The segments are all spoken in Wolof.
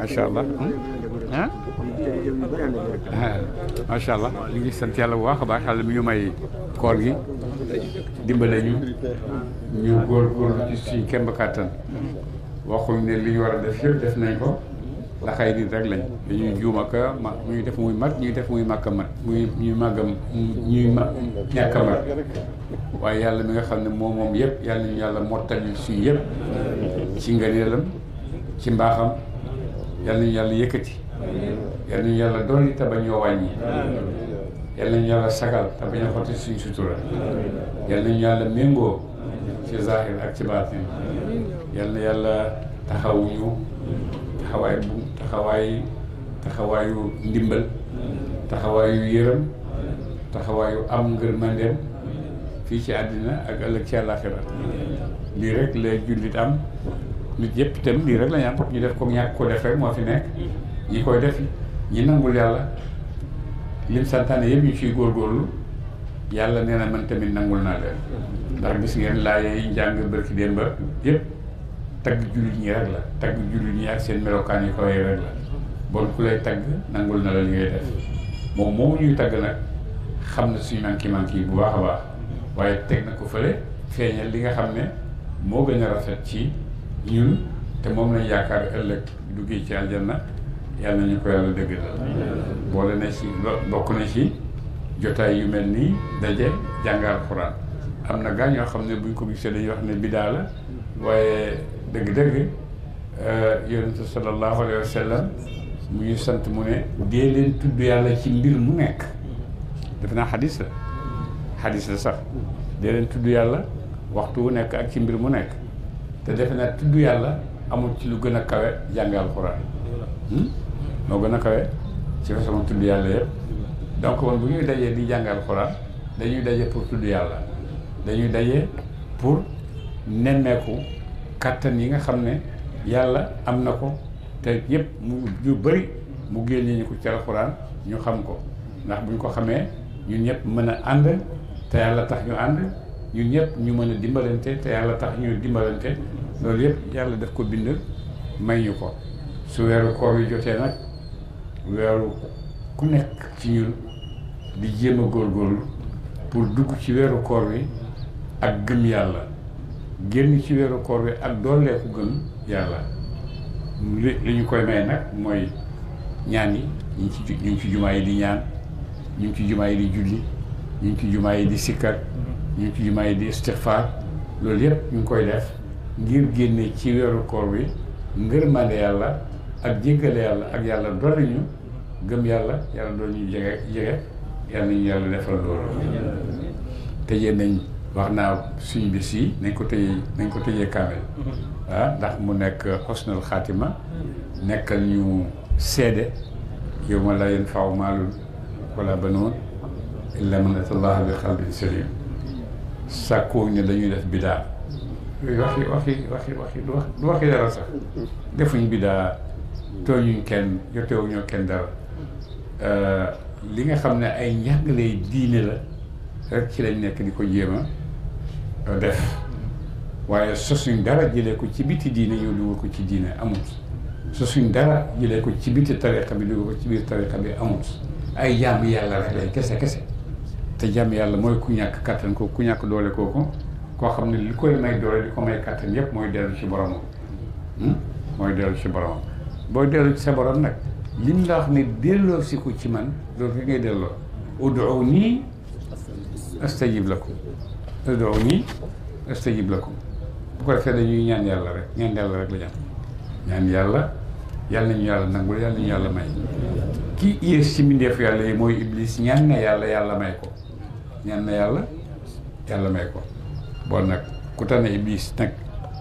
macha allah hmm? ah macha allah ñu ngi sant yàlla bu baax a baax yàlla mi ñu may koor gi dimbale ñu ñu góorgóorlu ci suñu kemb kàttan waxuñ ne li war a def yëpp def nañ ko ndax ay nit rek lañ dañuy juum ak ñuy def muy mag ñuy def muy màkk a mat muy ñuy màggam ñuy waaye yàlla mi nga xam ne moom moom yëpp yàlla ñu yàlla mottali suñu yëpp ci ngëneelam ci mbaaxam yal nañu yàlla yëkkati yal nañu yàlla dolli te bañ ñoo wàññi yal nañu yàlla sagal te bañ a xotti suñ sutura yal nañu yàlla méngoo ci zahir ak ci baatin yal na yàlla taxawuñu taxawaay bu taxawaay taxawaayu ndimbal taxawaayu yërëm taxawaayu am ngërmandeem fii ci àddina ak ëllëg ci àllaaxira lii rek lay jullit am nit yëpp itam lii rek la ñu am ñu def ko ñàkk ko def rek moo fi nekk ñi koy def ñi nangul yàlla lim santaane yëpp ñu góor góorgóorlu yàlla nee na man tamit nangul naa leen ndax gis ngeen laaya yi njàng bërki démb ba yëpp tagg jullit ñi rek la tagg jullit ñi ak seen melokaan yi kawee rek la bon ku lay tagg nangul na la li ngay def moom moomu ñuy tagg nag xam na suñu manki manki bu baax a baax waaye teg na ko fële feeñal li nga xam ne moo gën a rafet ñun te moom lañ yaakaar ëllëg duggee ci aljanna yàlla nañu ko yàlla dëggalal boole na ci bokk na ci jotaay yu mel nii daje jàngal xuraan am na gaa ñoo xam ne buñ ko gisee dañuy wax ne bidaa la waaye dëgg-dëgg euh, yonente sallallahu alayhi wa mu ngi sant mu ne dee leen tudd yàlla ci mbir mu nekk def naa xadis la xadis la sax dee leen tudd yàlla waxtu wu nekk ak ci mbir mu nekk te defe naa tudd yàlla amul ci lu gën a kawe jàng alxuraan hmm? moo gën a kawe ci façon tudd yàlla yëpp donc woon bu ñuy dajee di jàng alxuraan dañuy daje pour tudd dañuy daje pour nemmeeku kàttan yi nga xam ne yàlla am na ko te yëpp mu ñu bëri mu génnee ñu ko ci alxuraan ñu xam ko ndax bu ñu ko xamee ñun ñëpp mën a ànd te yàlla tax ñu ànd ñun ñëpp ñu mën a dimbalante te yàlla tax ñu dimbalante loolu yépp yàlla def ko bind may ñu ko su weeru koor yu jotee nag weeru ku nekk ci ñun di jéem a góorgóorlu pour dugg ci weeru koor wi ak gëm yàlla génn ci weeru koor wi ak dooleeku gëm yàlla li li ñu koy may nag mooy ñaan yi ñu ngi ci ñu ci jumaa yi di ñaan ñu ngi ci jumaa yi di julli ñu ngi ci jumaa yi di sikkat ñu ngi ci jumaa yi di istixfaar loolu yëpp ñu koy def ngir génne ci weeru koor wi ngërmande yàlla ak jéggale yàlla ak yàlla dolli ñu gëm yàlla yàlla dool ñu jege jege yàlla nañu yàlla defal loolu tëjee nañ wax naa suñ bis yi nañ ko tëjee ko tëjee kaamel ah ndax mu nekk xosnal xaatima nekkal ñu seede yow ma la yenfa'u maalun wala banuun illa man ataa Allaha bi qalbin saliim sàkkoo ne dañuy def bidaa yooyu waxi waxi waxi waxi du waxi dara sax defuñ bidaa tooñuñ kenn jotewuñoo kenn dara euh, li nga xam ne ay njàngalee diine la rek ci lañ nekk di ko jéem a euh, def waaye sosuñ dara jëlee ko ci biti diine yow dugal ko ci diine amut sosuñ dara jëlee ko ci biti tariqa bi dugal ko ci biir tariqa bi amut ay jaamu yàlla rek lay kese kese te jàmm yàlla mooy ku ñàkk kattan ko ku ñàkk doole kooku koo xam ne li koy may doole li ko may kattan yëpp mooy dellu ci boromam hmm? mooy dellu ci boromam booy dellu ci sa borom nag lim la wax ne delloo si ko ci man loolu ki ngay delloo udoo nii astajib lakum udoo nii astajib lakum bu ko defee dañuy ñaan yàlla rek ñaan yàlla rek la ñaan ñaan yàlla yàlla nañu yàlla nangul yàlla nañu yàlla may ki yées ci mbindeef yàlla yi mooy iblis ñaan na yàlla yàlla may ko ñan na yàlla yàlla may ko bon nag ku tane iblis nag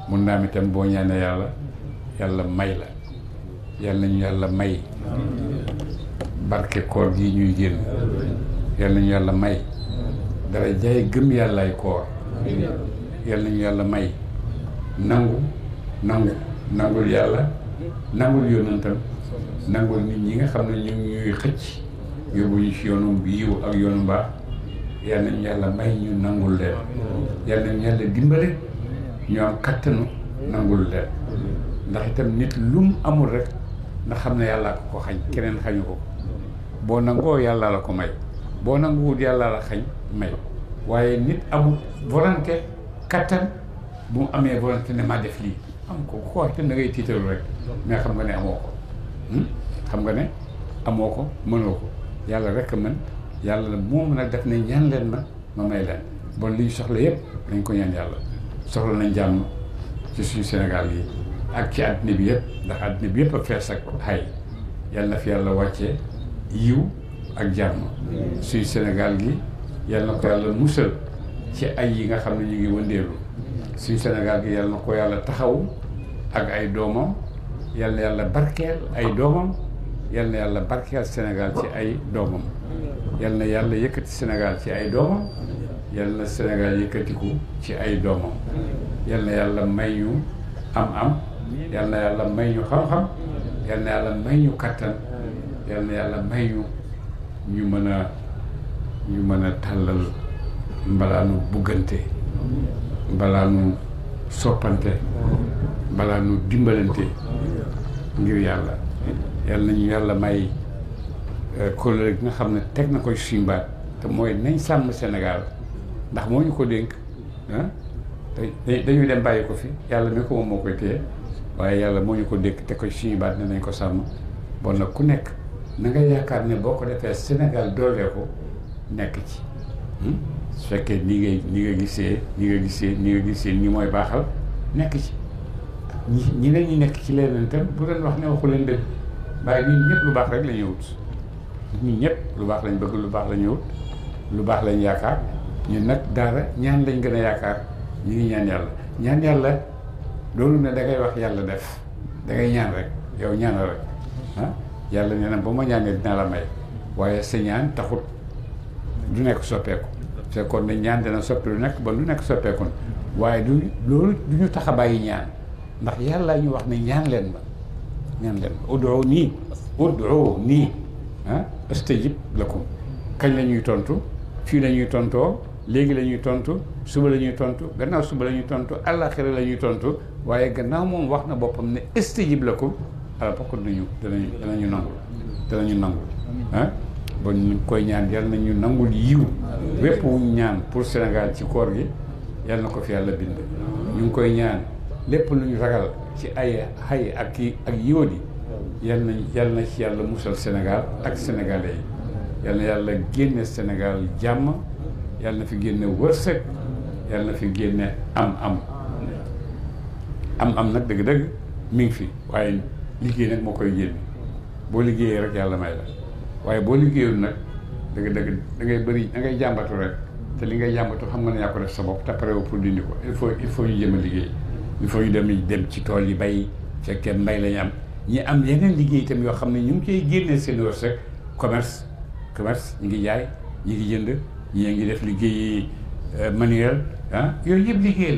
mun naa am itam boo ñaanee yàlla yàlla may la yàlla nañu yàlla may barke koor ñuy génn yàlla may dara jaay gëm yàllaay koor yàlla nañu yàlla may nangu nangu nangul yàlla nangul yonentam nangul nit ñi nga xam ne ñu ñuy xëcc yóbbu ñu ci yoonu yiw ak yoonu mbaax yal nañu yàlla may ñu nangul leen yal nañu yàlla dimbale ñu am kattanu nangul leen ndax itam nit lum amul rek na xam ne yàllaa ko ko xañ keneen xañu ko boo nangoo yàlla la ko may boo nanguwul yàlla la xañ may waaye nit amul volonté kattan bu mu amee volonté ne maa def lii am ko ko wax itam da tiitalu rek mais xam nga ne amoo ko hmm? xam nga ne amoo ko mënoo ko yàlla rek mën yàlla moom nag def na ñaan leen ma ma may leen bon li ñu soxla yëpp dañ ko ñaan yàlla soxla nañ jàmm ci suñu Sénégal yi ak ci àddina bi yëpp ndax àddina bi yëpp a fees ak yiw ak jàmm suñu Sénégal gi yàlla na ko ci ay yi nga xam ne ñu ngi wëndeelu suñu Sénégal gi yàlla na ko yàlla taxaw ak ay doomam yàlla yàlla barkeel ay doomam yal na yàlla barkeel Sénégal ci ay doomam yal na yàlla yëkkati Sénégal ci ay doomam yal na Sénégal yëkkatiku ci ay doomam yal na yàlla may ñu am-am yal na yàlla may ñu xam-xam yal na yàlla may ñu kàttan yal na yàlla may ñu ñu mën a ñu mën a tàllal mbalaanu buggante mbalaanu soppante mbalaanu dimbalante ngir yàlla yàlla nañu yàlla may euh, kóllëre gi nga xam ne teg na koy suñu te mooy nañ sàmm senegal ndax moo ñu ko dénk ah te dañuy dem bàyyi ko fi yàlla mi ko moom moo koy téye waaye yàlla moo ñu ko dénk teg ko suñu baat ne nañ ko sàmm bon nag ku nekk na nga yaakaar ne boo ko defee Sénégal doolee ko nekk ci hmm? su fekkee ni ngay ni nga gisee ni nga gisee ni nga gisee ni mooy baaxal nekk ci ñi ñeneen ñi nekk ci leneen itam bu leen wax ne waxu leen dëgg waaye ñun ñëpp lu baax rek la ñuy wut ñëpp lu baax lañ bëgg lu baax la ñuy wut lu baax lañ yaakaar ñun nag daara ñaan lañ gën a yaakaar ñu ngi ñaan yàlla ñaan yàlla doonul ne da ngay wax yàlla def da ngay ñaan rek yow ñaanal rek ah? yàlla nee na ba ma ñaanee dina la may waaye sa ñaan taxut du nekk soppeeku fekkoon dañ ñaan dina soppi lu nekk ba lu nekk soppeeku waaye du loolu du ñu tax a bàyyi ñaan ndax yàlla ñu wax ne ñaan leen ma neen leen udoo nii udoo nii ah la lakum kañ la ñuy tontu fii la ñuy tontoo léegi la ñuy tontu suba la ñuy tontu gannaaw suba la ñuy tontu àllaaxira la ñuy tontu waaye gannaaw moom wax na boppam ne la lakum ala bokk nañu danañu danañu nangu danañu nangu ah ba ñu koy ñaan yal nañu nangul yiw wépp ñaan pour Sénégal ci koor gi yal na ko fi yàlla bind ñu ngi koy ñaan lépp lu ñu ragal ci ay xay ak kii ak yal na yal na ci yàlla musal Sénégal ak sénégalais yi yal na yàlla génne Sénégal jàmm yal na fi génne wërsëg yal na fi génne am-am am-am nag dëgg-dëgg mi ngi fi waaye liggéey nag moo koy génne boo liggéeyee rek yàlla may la waaye boo liggéeyul nag dëgg-dëgg da ngay bëri da ngay jàmbatu rek te li ngay jàmbatu xam nga ne yaa ko def sa bopp pour dindi ko il faut il faut ñu jëm liggéey. il faut ñu dem ci tool yi bay fekkee mbay lañu am ñi am yeneen liggéey itam yoo xam ne ñu ngi koy génnee seen wërsëg commerce commerce ñu ngi jaay ñu ngi jënd ñi ngi def liggéeyi euh, manuel ah, yooyu yëpp liggéey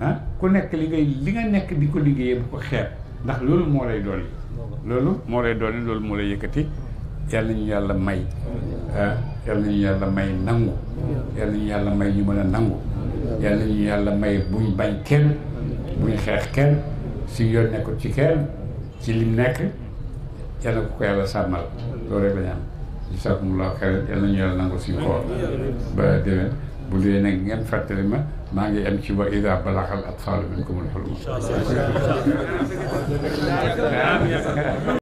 la ah ku nekk li ngay li nga nekk di ko liggéeyee bu ko xeeb ndax loolu moo lay dolli. loolu moo lay dolli loolu moo lay yëkkati yal ñu yàlla may ah, yal nañu yàlla may nangu yal nañu yàlla may ñu mën a nangu yàlla may buñ bañ kenn. muy xeex kenn si yoon nekkul ci kenn ci lim nekk yal na ko ko yàlla sàmmal loolu rek la ñu am bisimilah xel yal na ñu yàlla nangu suñu bu dee nag ngeen fàttali ma maa ngi am ci wa ida balaxal atfaalu minkumul hulum